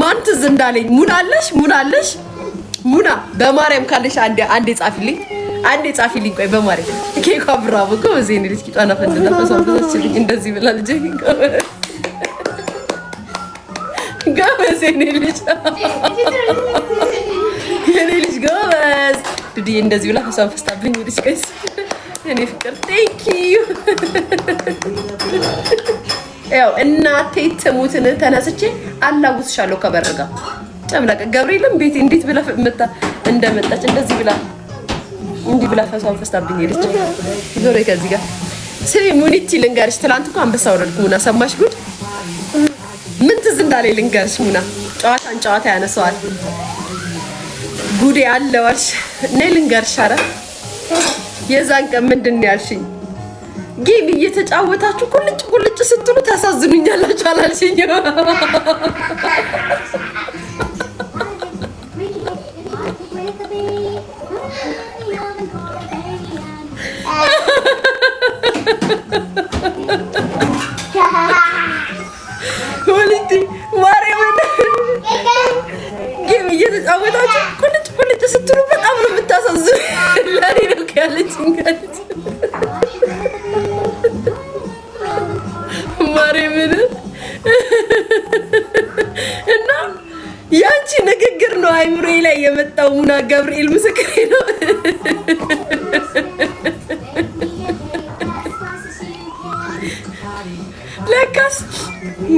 ማን ትዝ እንዳለኝ ሙናለሽ ሙናለሽ ሙና በማርያም ካለሽ አንዴ አንዴ ጻፊልኝ፣ አንዴ ጻፊልኝ። ቆይ በማርያም ኬኳ ብራቦ እኮ እዚህ እኔ ልጅ ቂጧና ፈንድና ፈሷብዛችልኝ እንደዚህ ብላ ልጅ ጎበዝ፣ የኔ ልጅ የኔ ልጅ ጎበዝ ዱድዬ እንደዚህ ብላ ፈሷን ፈስታብኝ ልጅ ቀይስ እኔ ፍቅር ቴንኪዩ ያው እናቴ ትሙትን ተነስቼ አላውስሻለሁ ከበረጋ ጨምላቀ ገብርኤልም ቤት እንዴት ብላ መጣ እንደመጣች እንደዚህ ብላ እንዲህ ብላ ፈሷን ፈስታብኝ ሄደች። ዞሮ ከዚህ ጋር ስሚ ሙኒቲ ልንገርሽ፣ ትላንት እኮ አንበሳ ወረድኩ ሙና ሰማሽ ጉድ ምን ትዝ እንዳለ ልንገርሽ ሙና ጨዋታን ጨዋታ ያነሰዋል ጉዴ አለዋልሽ። እኔ ልንገርሽ፣ አረ የዛን ቀን ምንድን ነው ያልሽኝ? ጌም እየተጫወታችሁ ቁልጭ ቁልጭ ስትሉ ታሳዝኑኛላችሁ አላልሽኝ? የመጣው ሙና ገብርኤል ምስክሬ ነው። ለካስ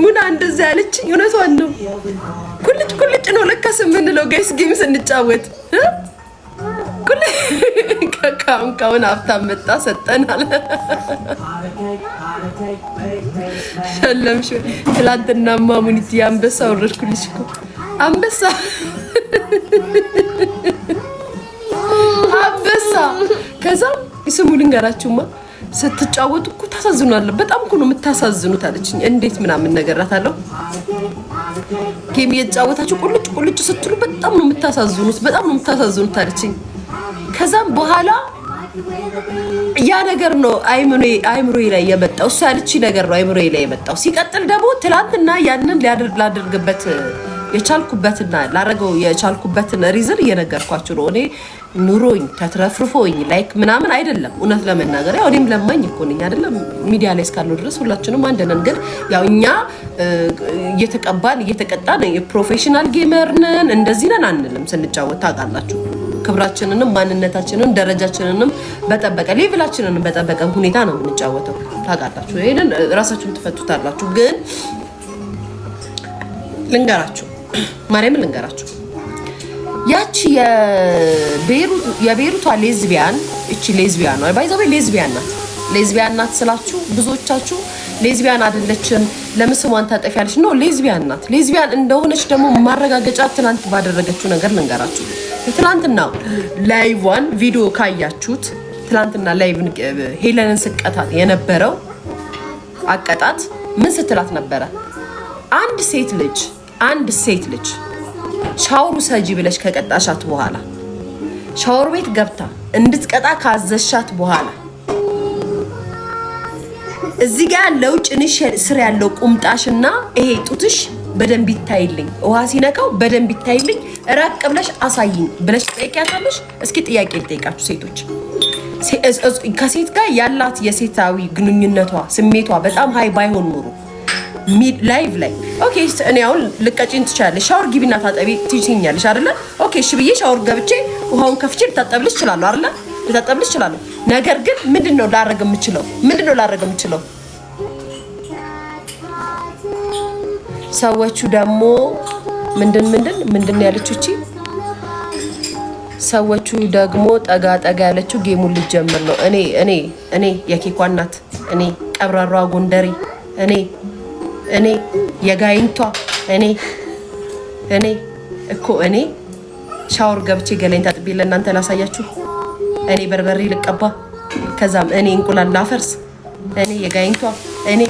ሙና እንደዛ ያለች እውነቷን ነው። ኩልጭ ኩልጭ ነው ለካስ የምንለው ጋይስ ጌም ስንጫወት ከካሁን ካሁን ሀብታም መጣ ሰጠናል። ሸለምሽ ትላንትና ማሙኒት አንበሳ ወረድኩልሽ እኮ አንበሳ አበሳ ከዛ ስሙ ልንገራችሁማ ስትጫወቱ እኮ ታሳዝኗል። በጣም እኮ ነው የምታሳዝኑት አለችኝ። እንዴት ምናምን ነገር አታለው ጌም እየተጫወታችሁ ቁልጭ ቁልጭ ስትሉ በጣም ነው የምታሳዝኑት፣ በጣም ነው የምታሳዝኑት አለችኝ። ከዛም በኋላ ያ ነገር ነው አይምሮዬ ላይ የመጣው እሱ ያለችኝ ነገር ነው አይምሮዬ ላይ የመጣው። ሲቀጥል ደግሞ ትላንትና ያንን ላደርግበት የቻልኩበትና ላረገው የቻልኩበትን ሪዝን እየነገርኳችሁ ነው። እኔ ኑሮኝ ተትረፍርፎኝ ላይክ ምናምን አይደለም። እውነት ለመናገር ያው እኔም ለማኝ እኮ ነኝ አይደለም። ሚዲያ ላይ እስካለው ድረስ ሁላችንም አንድ ነን። ግን ያው እኛ እየተቀባን እየተቀጣን የፕሮፌሽናል ጌመር ነን እንደዚህ ነን አንልም። ስንጫወት ታውቃላችሁ። ክብራችንንም ማንነታችንን ደረጃችንንም በጠበቀ ሌቭላችንንም በጠበቀ ሁኔታ ነው የምንጫወተው። ታውቃላችሁ። ይሄንን ራሳችሁም ትፈቱታላችሁ። ግን ልንገራችሁ ማርያም ልንገራችሁ፣ ያቺ የቤሩቷ ሌዝቢያን እቺ ሌዝቢያን ነው ወይ ሌዝቢያን ናት። ሌዝቢያን ናት ስላችሁ ብዙዎቻችሁ ሌዝቢያን አይደለችም ለምን ስሟን ታጠፊያለች? ነው ሌዝቢያን ናት። ሌዝቢያን እንደሆነች ደግሞ ማረጋገጫ ትናንት ባደረገችው ነገር ልንገራችሁ። ትናንትና ላይቫን ቪዲዮ ካያችሁት ትናንትና ላይቭ ሄለንን ስቀታት የነበረው አቀጣት ምን ስትላት ነበረ? አንድ ሴት ልጅ አንድ ሴት ልጅ ሻወሩ ሰጂ ብለሽ ከቀጣሻት በኋላ ሻወር ቤት ገብታ እንድትቀጣ ካዘሻት በኋላ እዚህ ጋር ያለው ጭንሽ ስር ያለው ቁምጣሽና ይሄ ጡትሽ በደንብ ይታይልኝ፣ ውሃ ሲነካው በደንብ ይታይልኝ፣ ራቅ ብለሽ አሳይኝ ብለሽ ትጠይቂያታለሽ? እስኪ ጥያቄ ልጠይቃችሁ ሴቶች። ከሴት ጋር ያላት የሴታዊ ግንኙነቷ ስሜቷ በጣም ሀይ ባይሆን ኖሩ ላይቭ ላይ ኦኬ፣ እኔ አሁን ልቀጭኝ ትችላለሽ። ሻወር ግቢና ታጠቢ ትይኛለሽ አይደለ? ኦኬ እሺ ብዬ ሻወር ገብቼ ውሃውን ከፍቼ ልታጠብልሽ እችላለሁ አይደለ? ልታጠብልሽ እችላለሁ። ነገር ግን ምንድን ነው ላረግ የምችለው? ምንድን ነው ላረግ የምችለው? ሰዎቹ ደግሞ ምንድን ምንድን ምንድን ያለችው እቺ ሰዎቹ ደግሞ ጠጋ ጠጋ ያለችው ጌሙን ልጀምር ነው። እኔ እኔ እኔ የኬኳ እናት እኔ ቀብራሯ ጎንደሬ እኔ እኔ የጋይንቷ እኔ እኔ እኮ እኔ ሻወር ገብቼ ገለኝ ታጥቤ ለእናንተ ላሳያችሁ። እኔ በርበሬ ልቀባ፣ ከዛም እኔ እንቁላል ላፈርስ፣ እኔ የጋይንቷ እኔ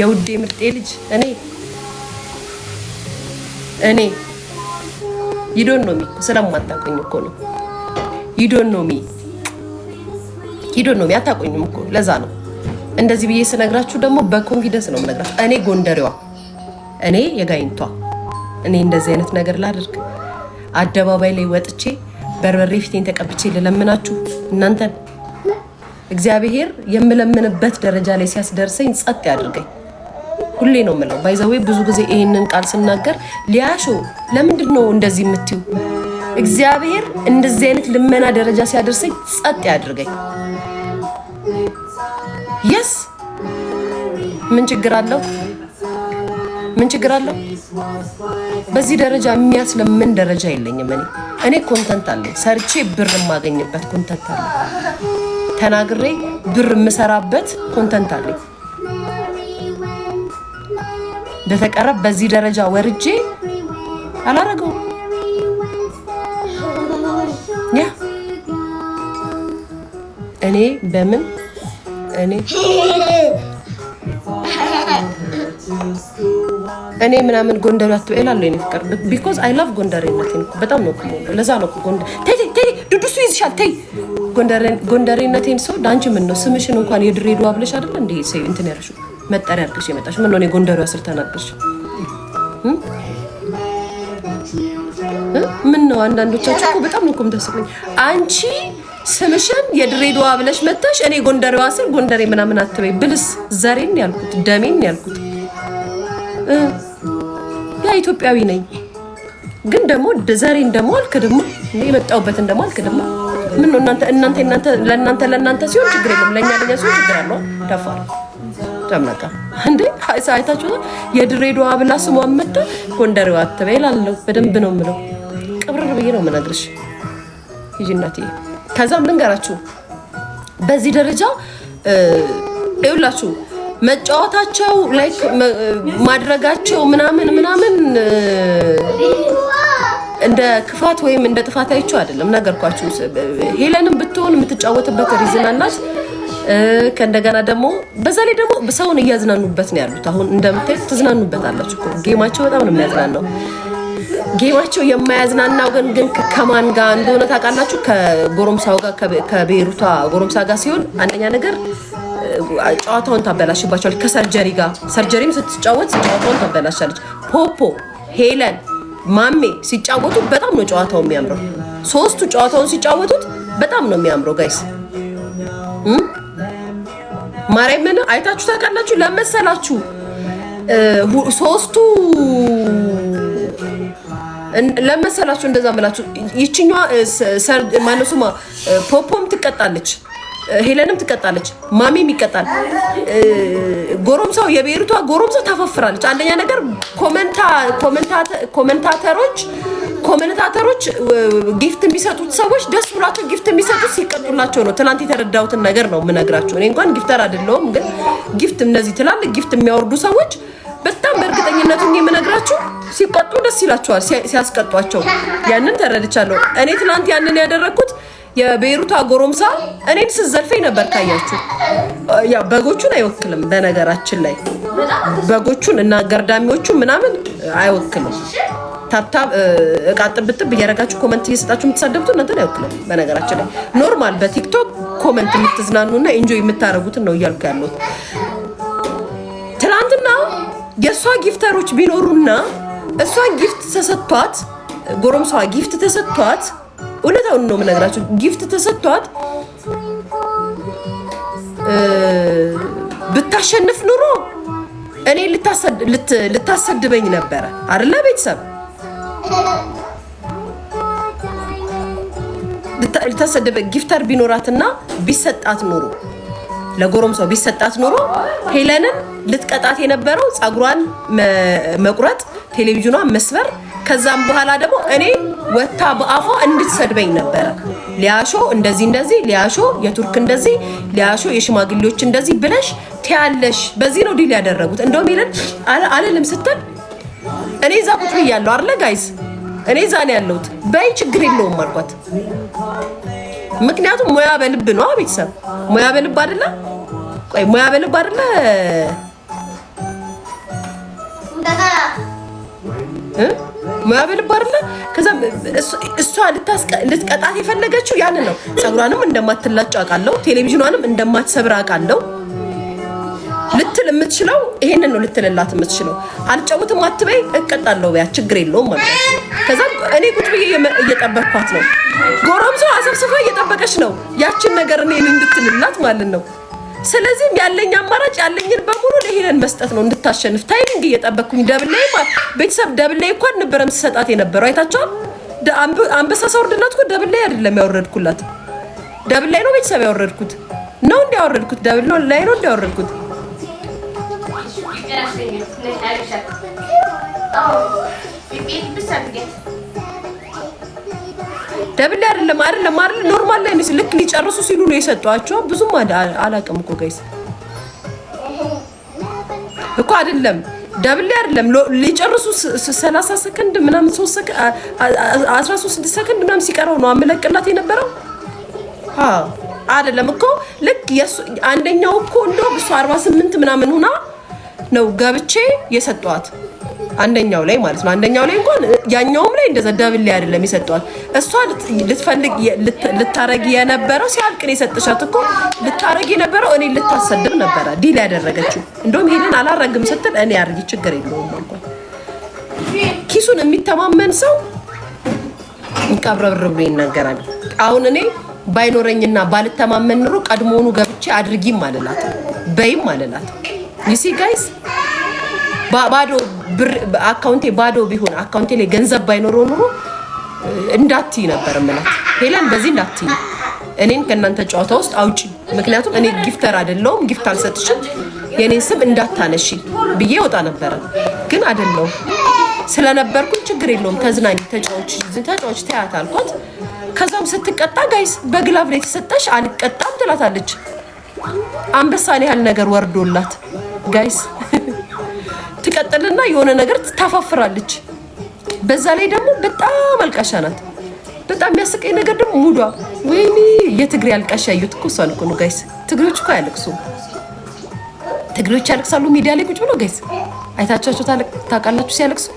የውዴ ምርጤ ልጅ እኔ እኔ ይዶን ኖሚ ስለማታቆኝ እኮ ነው። ይዶን ኖሚ ይዶን ኖሚ አታቆኝም እኮ ለዛ ነው እንደዚህ ብዬ ስነግራችሁ ደግሞ በኮንፊደንስ ነው የምነግራችሁ። እኔ ጎንደሬዋ፣ እኔ የጋይንቷ፣ እኔ እንደዚህ አይነት ነገር ላድርግ አደባባይ ላይ ወጥቼ በርበሬ ፊቴን ተቀብቼ ልለምናችሁ እናንተን እግዚአብሔር የምለምንበት ደረጃ ላይ ሲያስደርሰኝ ጸጥ ያድርገኝ። ሁሌ ነው የምለው። ባይዘዌ ብዙ ጊዜ ይህንን ቃል ስናገር ሊያሾ ለምንድን ነው እንደዚህ የምትዩ? እግዚአብሔር እንደዚህ አይነት ልመና ደረጃ ሲያደርሰኝ ጸጥ ያድርገኝ። የስ ምን ችግር አለው? ምን ችግር አለው? በዚህ ደረጃ የሚያስለምን ደረጃ የለኝም። እኔ እኔ ኮንተንት አለኝ፣ ሰርቼ ብር የማገኝበት ኮንተንት አለኝ፣ ተናግሬ ብር የምሰራበት ኮንተንት አለኝ። በተቀረብ በዚህ ደረጃ ወርጄ አላረገውም። ያ እኔ በምን እኔ እኔ ምናምን ጎንደር አትበይ እላለሁ የእኔ ፍቅር። ቢኮዝ አይ ላቭ ጎንደሬነቴን በጣም ነው እኮ ለዛ ነው ጎንደር ተይ ተይ ድዱሱ ይዝሻል ተይ ጎንደሬነቴን ሰው ዳንቺ ምን ነው ስምሽን እንኳን የድሬዳዋ ብለሽ አይደለ እንደ እንትን ያልሽው መጠሪያ አድርገሽ የመጣሽ ምን ሆነ ጎንደሬዋ ስር ተናገርሽ? ምን ነው አንዳንዶቻችሁ እኮ በጣም ነው እኮ የምታስቁኝ አንቺ ስምሽን የድሬዳዋ ብለሽ መታሽ እኔ ጎንደሬዋ ስል ጎንደሬ ምናምን አትበይ ብልስ ዘሬን ያልኩት ደሜን ያልኩት ያ ኢትዮጵያዊ ነኝ። ግን ደግሞ ዘሬን ደግሞ አልክድማ የመጣሁበትን ደግሞ አልክድማ። ምን ነው እናንተ እናንተ እናንተ ለእናንተ ለእናንተ ሲሆን ችግር የለም ለእኛ ለእኛ ሲሆን ችግር አለው። ደፋር ደመቀ እንዴ አይታችሁ የድሬዳዋ ብላ ስሟን መታ ጎንደሬዋ አትበይ እላለሁ። በደንብ ነው የምለው። ቅብርር ብዬ ነው የምነግርሽ ይዤ እናትዬ ከዛም ልንገራችሁ በዚህ ደረጃ ይውላችሁ መጫወታቸው ላይክ ማድረጋቸው ምናምን ምናምን እንደ ክፋት ወይም እንደ ጥፋት አይቼው አይደለም። ነገርኳችሁ። ሄለንም ብትሆን የምትጫወትበት ሪዝን አላት። ከእንደገና ደግሞ በዛ ላይ ደግሞ ሰውን እያዝናኑበት ነው ያሉት። አሁን እንደምታዩት ትዝናኑበት አላችሁ። ጌማቸው በጣም ነው ነው። ጌማቸው የማያዝናና ወገን ግን ከማን ጋር እንደሆነ ታውቃላችሁ? ከጎረምሳው ጋር ከቤሩቷ ጎረምሳ ጋር ሲሆን አንደኛ ነገር ጨዋታውን ታበላሽባቸዋል። ከሰርጀሪ ጋር ሰርጀሪም ስትጫወት ጨዋታውን ታበላሻለች። ፖፖ ሄለን ማሜ ሲጫወቱ በጣም ነው ጨዋታው የሚያምረው። ሶስቱ ጨዋታውን ሲጫወቱት በጣም ነው የሚያምረው። ጋይስ ማርያምን አይታችሁ ታውቃላችሁ? ለመሰላችሁ ሶስቱ ለመሰላችሁ እንደዛ ምላችሁ ይችኛዋ ማነሱማ ፖፖም ትቀጣለች፣ ሄለንም ትቀጣለች፣ ማሚም ይቀጣል። ጎረምሳው የቤሩቷ ጎረምሳው ታፈፍራለች። አንደኛ ነገር ኮመንታተሮች ኮመንታተሮች ጊፍት የሚሰጡት ሰዎች ደስ ብሏቸው ጊፍት የሚሰጡት ሲቀጡላቸው ነው። ትናንት የተረዳሁትን ነገር ነው የምነግራቸው። እኔ እንኳን ጊፍተር አይደለሁም፣ ግን ጊፍት እነዚህ ትላልቅ ጊፍት የሚያወርዱ ሰዎች በጣም በእርግጠኝነቱ የምነግራችሁ ሲቆጡ ደስ ይላቸዋል ሲያስቀጧቸው። ያንን ተረድቻለሁ። እኔ ትናንት ያንን ያደረግኩት የቤይሩት ጎረምሳ እኔን ስዘልፈኝ ነበር። ካያችሁ ያው በጎቹን አይወክልም። በነገራችን ላይ በጎቹን እና ገርዳሚዎቹ ምናምን አይወክልም። ታብታብ እቃ ጥብጥብ እያደረጋችሁ ኮመንት እየሰጣችሁ የምትሳደቡት እናንተን አይወክልም። በነገራችን ላይ ኖርማል በቲክቶክ ኮመንት የምትዝናኑና ኢንጆይ የምታደርጉትን ነው እያልኩ ያለሁት። ትናንትና የእሷ ጊፍተሮች ቢኖሩና እሷ ጊፍት ተሰጥቷት ጎረምሷ ጊፍት ተሰጥቷት፣ እውነታውን ነው የምነግራቸው። ጊፍት ተሰጥቷት ብታሸንፍ ኑሮ እኔ ልታሰድበኝ ነበረ አይደለ? ቤተሰብ ልታሰድበ ጊፍተር ቢኖራትና ቢሰጣት ኑሮ ለጎረምሷ ቢሰጣት ኑሮ ሄለንን ልትቀጣት የነበረው ፀጉሯን መቁረጥ ቴሌቪዥኗ መስበር። ከዛም በኋላ ደግሞ እኔ ወታ በአፏ እንድትሰድበኝ ነበረ። ሊያሾ እንደዚህ እንደዚህ፣ ሊያሾ የቱርክ እንደዚህ፣ ሊያሾ የሽማግሌዎች እንደዚህ ብለሽ ትያለሽ። በዚህ ነው ዲል ያደረጉት። እንደውም ይለን አልልም ስትል እኔ እዛ ቁጭ ብያለሁ አለ ጋይስ፣ እኔ እዛ ነው ያለሁት። በይ ችግር የለውም አልኳት። ምክንያቱም ሙያ በልብ ነው ቤተሰብ፣ ሙያ በልብ አይደለ? ቆይ ሙያ በልብ አይደለ? ማበል ባርለ ከዛ እሷ ልትቀጣት የፈለገችው ያንን ነው። ፀጉሯንም እንደማትላጭ አውቃለሁ፣ ቴሌቪዥኗንም እንደማትሰብር አውቃለሁ። ልትል የምትችለው ይሄንን ነው። ልትልላት የምትችለው አልጫወትም አትበይ፣ እቀጣለሁ ያ ችግር የለውም ማለት ነው። ከዛ እኔ ቁጭ ብዬ እየጠበቅኳት ነው። ጎረምሶ አሰብስፋ እየጠበቀች ነው ያችን ነገር እኔ እንድትልላት ማለት ነው። ስለዚህም ያለኝ አማራጭ ያለኝን በሙሉ ለሄለን መስጠት ነው እንድታሸንፍ። ታይሚንግ እየጠበቅኩኝ ደብላይ ቤተሰብ ደብላይ እንኳን ነበረም ስሰጣት የነበረው አይታቸዋል። አንበሳ ሳወርድላት እኮ ደብላይ አይደለም ያወረድኩላት፣ ደብላይ ነው ቤተሰብ ያወረድኩት ነው እንዲ ያወረድኩት ደብል ላይ ነው እንዲ ያወረድኩት። ደብል አይደለም አይደለም አይደለም ኖርማል ላይ ነው። ልክ ሊጨርሱ ሲሉ ነው የሰጧቸው። ብዙም አላቅም እኮ ጋይስ እኮ አይደለም ደብል አይደለም ሊጨርሱ 30 ሰከንድ ምናምን 3 ሰከንድ 13 ሰከንድ ምናምን ሲቀረው ነው አመለቅላት የነበረው። አዎ አይደለም እኮ ልክ አንደኛው እኮ እንደው እሱ 48 ምናምን ሆና ነው ገብቼ የሰጧት። አንደኛው ላይ ማለት ነው። አንደኛው ላይ እንኳን ያኛውም ላይ እንደዛ ደብል ላይ አይደለም የሰጠዋት እሷ ልትፈልግ ልታረግ የነበረው ሲያልቅ ነው የሰጥሻት እኮ ልታረግ የነበረው እኔ ልታሰድብ ነበረ ዲል ያደረገችው። እንደውም ይሄንን አላረግም ስትል እኔ አርጊ ችግር የለውም አልኳት። ኪሱን የሚተማመን ሰው ቀብረብር ብሎ ይናገራል። አሁን እኔ ባይኖረኝና ባልተማመን ኑሮ ቀድሞውኑ ገብቼ አድርጊም አልላት በይም አልላት። ዩሲ ጋይስ ባዶ ብር አካውንቴ ባዶ ቢሆን አካውንቴ ላይ ገንዘብ ባይኖረው ኑሮ እንዳትዪ ነበር ምላት ሄለን፣ በዚህ እንዳትዪ እኔን ከእናንተ ጨዋታ ውስጥ አውጪ። ምክንያቱም እኔ ጊፍተር አይደለሁም፣ ጊፍት አልሰጥሽም፣ የእኔን ስም እንዳታነሺ ብዬ ወጣ ነበረ። ግን አይደለሁም ስለነበርኩኝ ችግር የለውም ተዝናኝ፣ ተጫዎች ተጫዎች ተያት አልኳት። ከዛም ስትቀጣ ጋይስ በግላብ ላይ የተሰጠሽ አልቀጣም ትላታለች። አንበሳን ያህል ነገር ወርዶላት ጋይስ ትቀጥልና የሆነ ነገር ታፋፍራለች። በዛ ላይ ደግሞ በጣም አልቃሻ ናት። በጣም የሚያስቀኝ ነገር ደግሞ ሙዷ ወይኔ የትግሬ አልቃሻ ያዩት እኮ እሷን እኮ ነው ጋይስ። ትግሬዎች እኮ አያለቅሱም። ትግሬዎች ያለቅሳሉ ሚዲያ ላይ ቁጭ ብሎ ጋይስ፣ አይታቻቸው ታውቃላችሁ ሲያለቅሱ?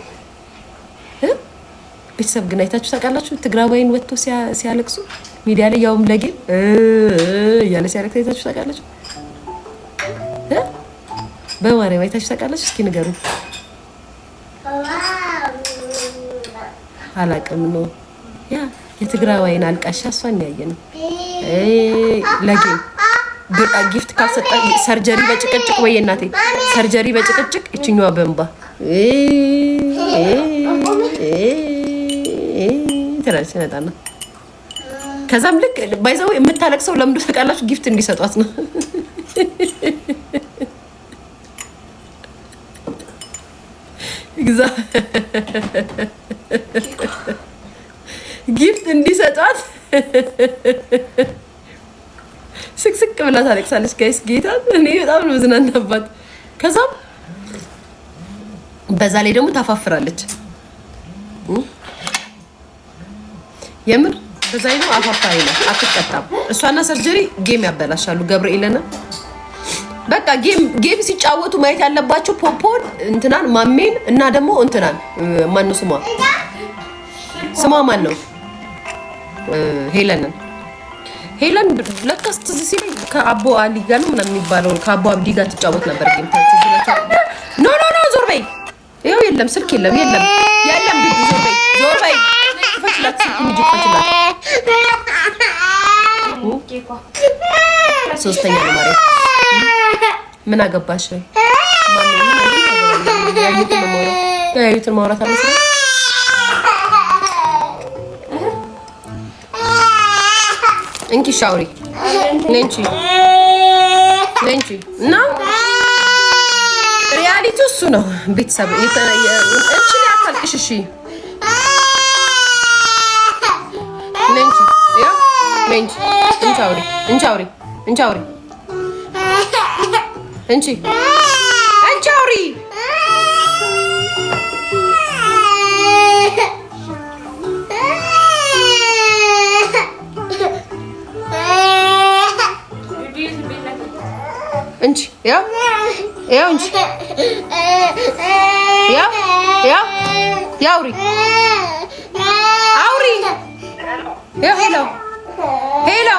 ቤተሰብ ግን አይታችሁ ታውቃላችሁ? ትግራዋይን ወጥቶ ሲያለቅሱ ሚዲያ ላይ ያውም ለጌ እያለ ሲያለቅስ አይታችሁ ታውቃላችሁ? በማርያም አይታችሁ ታውቃለች? እስኪ ንገሩ። አላቅም ነው ያ የትግራዋይን አልቃሻ እሷን ያየ ነው ለጌም በቃ ጊፍት ካልሰጠ ሰርጀሪ በጭቅጭቅ ወይ እናቴ ሰርጀሪ በጭቅጭቅ ይችኛዋ በእንባ ትላለች ነጣና ከዛም ልክ ባይዘው የምታለቅሰው ለምዶ ታውቃላችሁ ጊፍት እንዲሰጧት ነው። ግዛ ጊፍት እንዲሰጧት ስቅስቅ ብላ ታለቅሳለች። ጋይስ ጌታ እኔ በጣም ነው መዝናናባት። ከዛም በዛ ላይ ደግሞ ታፋፍራለች። የምር በዛ ላይ ደግሞ አፋፋሪ ነው፣ አትቀጣም። እሷና ሰርጀሪ ጌም ያበላሻሉ። ገብርኤልና በቃ ጌም ሲጫወቱ ማየት ያለባቸው ፖፖን እንትናን ማሜን እና ደግሞ እንትናን ማነው ስሟ ስሟ ማን ነው? ሄለንን ሄለን ለካስ ትዝ ሲል ከአቦ አሊ ጋር ነው ምናምን የሚባለውን ከአቦ አብዲ ጋር ትጫወት ነበር። ጌም ኖ ኖ ኖ ዞር በይ። ይኸው የለም ስልክ የለም የለም የለም። ዞር በይ ዞር በይ። ፈችላት ፈችላት። ሶስተኛ ነው ማለት ምን አገባሽ? ያዩትን ማውራት አለ እንኪ ሻውሪ ለንቺ ለንቺ እና ሪያሊቲ እሱ ነው። ቤተሰብ እንቺ ያታልቅሽ እሺ ለንቺ ያ ለንቺ እንቻውሪ እንቻውሪ እንቻውሪ እንቺ አንቺ አውሪ እንቺ ያው ያው እንቺ ያው ያው ያውሪ አውሪ ያው ሄሎ ሄሎ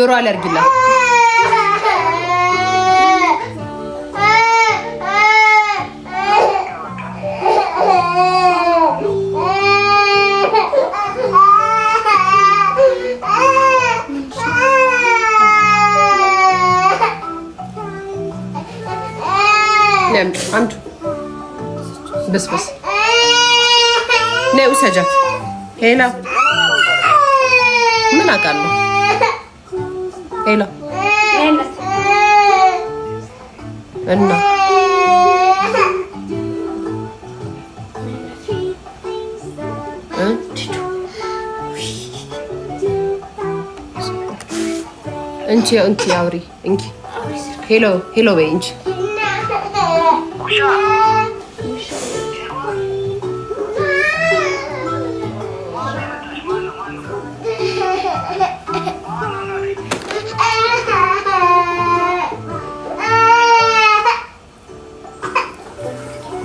ጆሮ አለርግላ አንዱ ብስብስ ነይ ውሰጃት ሄላ ምን አውቃለሁ കയ്യിലോ എണ്ണോ እንቺ እንቺ አውሪ እንቺ ሄሎ ሄሎ በይ እንቺ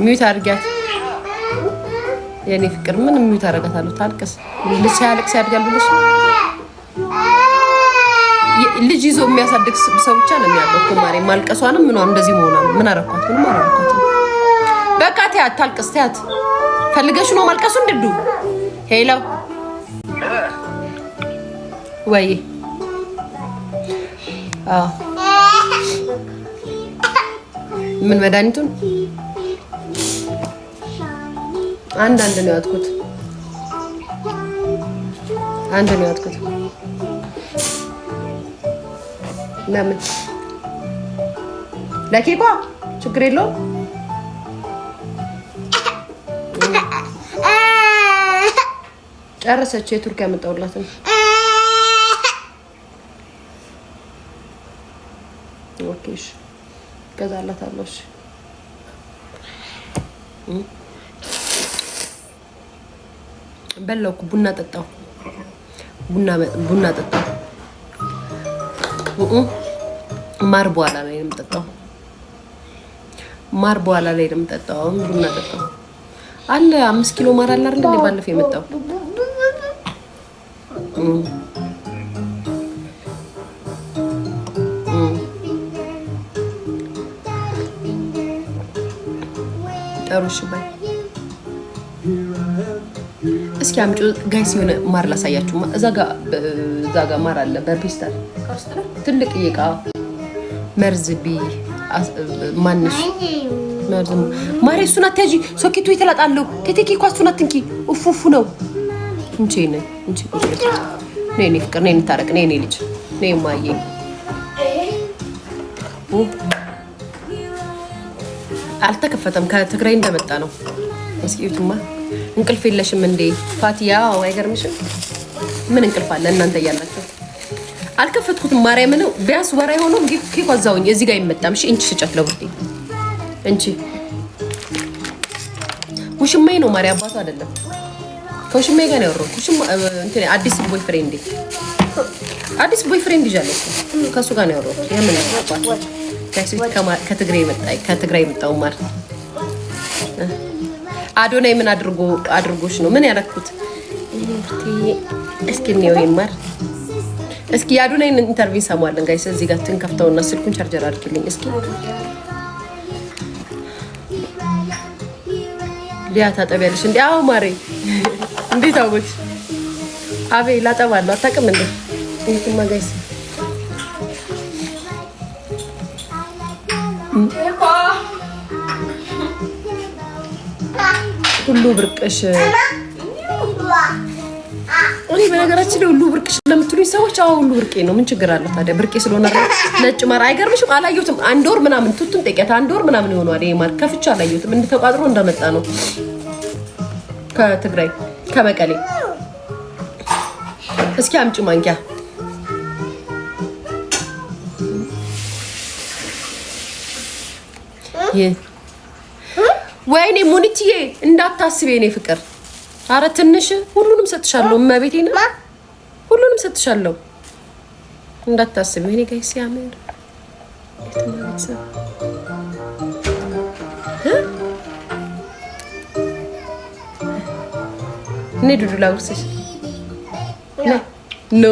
ሚዩት አድርጊያት የእኔ ፍቅር። ምን ሚዩት አደርጋታለሁ? ታልቅስ። ልጅ ያልቅስ ያድጋል ብለሽ ልጅ ይዞ የሚያሳድግ ሰው ብቻ ነው የሚያውቀው እኮ ማልቀሷንም ምን እንደዚህ መሆኗን ምን አረኳት? ምንም አረኳት? በቃ ትያት ታልቅስ። ትያት ፈልገሽ ነው ማልቀሱ። እንድዱ ሄሎ ወይ ምን መድኃኒቱን አንድ አንድ ነው ያጥኩት። አንድ ነው ያጥኩት። ለምን ለኬኳ ችግር የለውም። ጨረሰች። የቱርክ ያመጣውላትን ኦኬ፣ እሺ እገዛላታለሁ። እሺ በላውኩ። ቡና ጠጣው። ቡና ቡና ጠጣው። ማር በኋላ ላይ ነው የምጠጣው። ማር በኋላ ላይ ነው የምጠጣው። አሁን ቡና ጠጣው አለ። አምስት ኪሎ ማር አለ አይደል? ባለፈው የመጣው ጠሩሽ ባይ እስኪ አምጪ ጋይስ፣ የሆነ ማር ላሳያችሁ። እዛ ጋ እዛ ጋ ማር አለ በፔስታል ትልቅ እቃ መርዝ ቢ ማንሽ መርዝ ማሪ፣ እሱን አትያዢ። ሶኬቱ የተላጣለሁ ቴቴኪ እኮ እሱን አትንኪ። ኡፍ ኡፍ ነው እንቺ ነ እንቺ ነይ ነይ፣ ፍቅር ነይ እንታረቅ። ነይ ነይ፣ ልጅ ነይ፣ ማየ አልተከፈተም። ከትግራይ እንደመጣ ነው። እስኪ እዩትማ እንቅልፍ የለሽም እንዴ ፋቲያ? አዎ አይገርምሽም? ምን እንቅልፍ አለ እናንተ እያላችሁ አልከፈትኩትም። ማርያም ነው ቢያስ ወራ የሆነው ኬኳ እዛውኝ እዚህ ጋር ይመጣም። እሺ እንቺ ስጫት ለቡርዴ እንቺ ውሽማዬ ነው ማርያም፣ አባቱ አይደለም። ከውሽማዬ ጋር ነው ያወራሁት። ውሽማ አዲስ ቦይ ፍሬንድ አዲስ ቦይ ፍሬንድ ይዣለሁ ከእሱ ጋር ነው ያወራሁት። የምን አባቱ ከትግራይ መጣ ከትግራይ መጣው ማርያም አዶናይ ምን አድርጎ አድርጎሽ ነው? ምን ያረኩት? እስኪ ነው ይማር እስኪ የአዶናይን ኢንተርቪው ሰማለን። ጋይስ እዚህ ጋር ትንከፍተውና ስልኩን ቻርጀር አድርግልኝ እስኪ። ሊያ ታጠቢያለሽ እንዴ? አዎ ማሬ። እንዴት አወቅሽ? አቤ ላጠባለሁ። አታውቅም እንዴ? እንትማ ጋይስ ሁሉ ብርቅሽ እኔ በነገራችን ላይ ሁሉ ብርቅሽ ለምትሉኝ ሰዎች አዎ ሁሉ ብርቄ ነው። ምን ችግር አለው ታዲያ? ብርቄ ስለሆነ ነጭ ማር አይገርምሽም? አላየሁትም። አንድ ወር ምናምን ቱቱን ጠቂያት አንድ ወር ምናምን የሆነዋል። ይሄ ማር ከፍቼ አላየሁትም። እንደተቋጥሮ እንደመጣ ነው ከትግራይ ከመቀሌ። እስኪ አምጪ ማንኪያ ይህ ወይኔ ሙኒትዬ እንዳታስብ የኔ ፍቅር፣ አረ ትንሽ ሁሉንም ሰጥሻለሁ። እመቤቴን ሁሉንም ሰጥሻለሁ። እንዳታስብ የኔ ጋይ ሲያምር እኔ ዱዱ ላውርስሽ ኖ